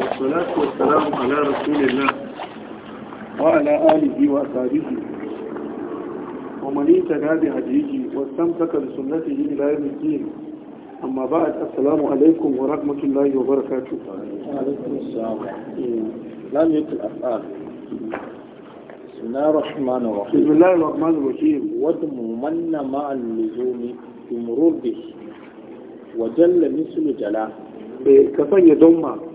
والصلاة والسلام على رسول الله وعلى آله وأصحابه ومن اهتدى بهديه واستمسك بسنته إلى يوم الدين أما بعد السلام عليكم ورحمة الله وبركاته وعليكم السلام لا يكن أفعال بسم الله الرحمن الرحيم بسم الله الرحمن الرحيم من مع اللزوم بمرور به وجل مثل جلاه إيه، كفاية sanya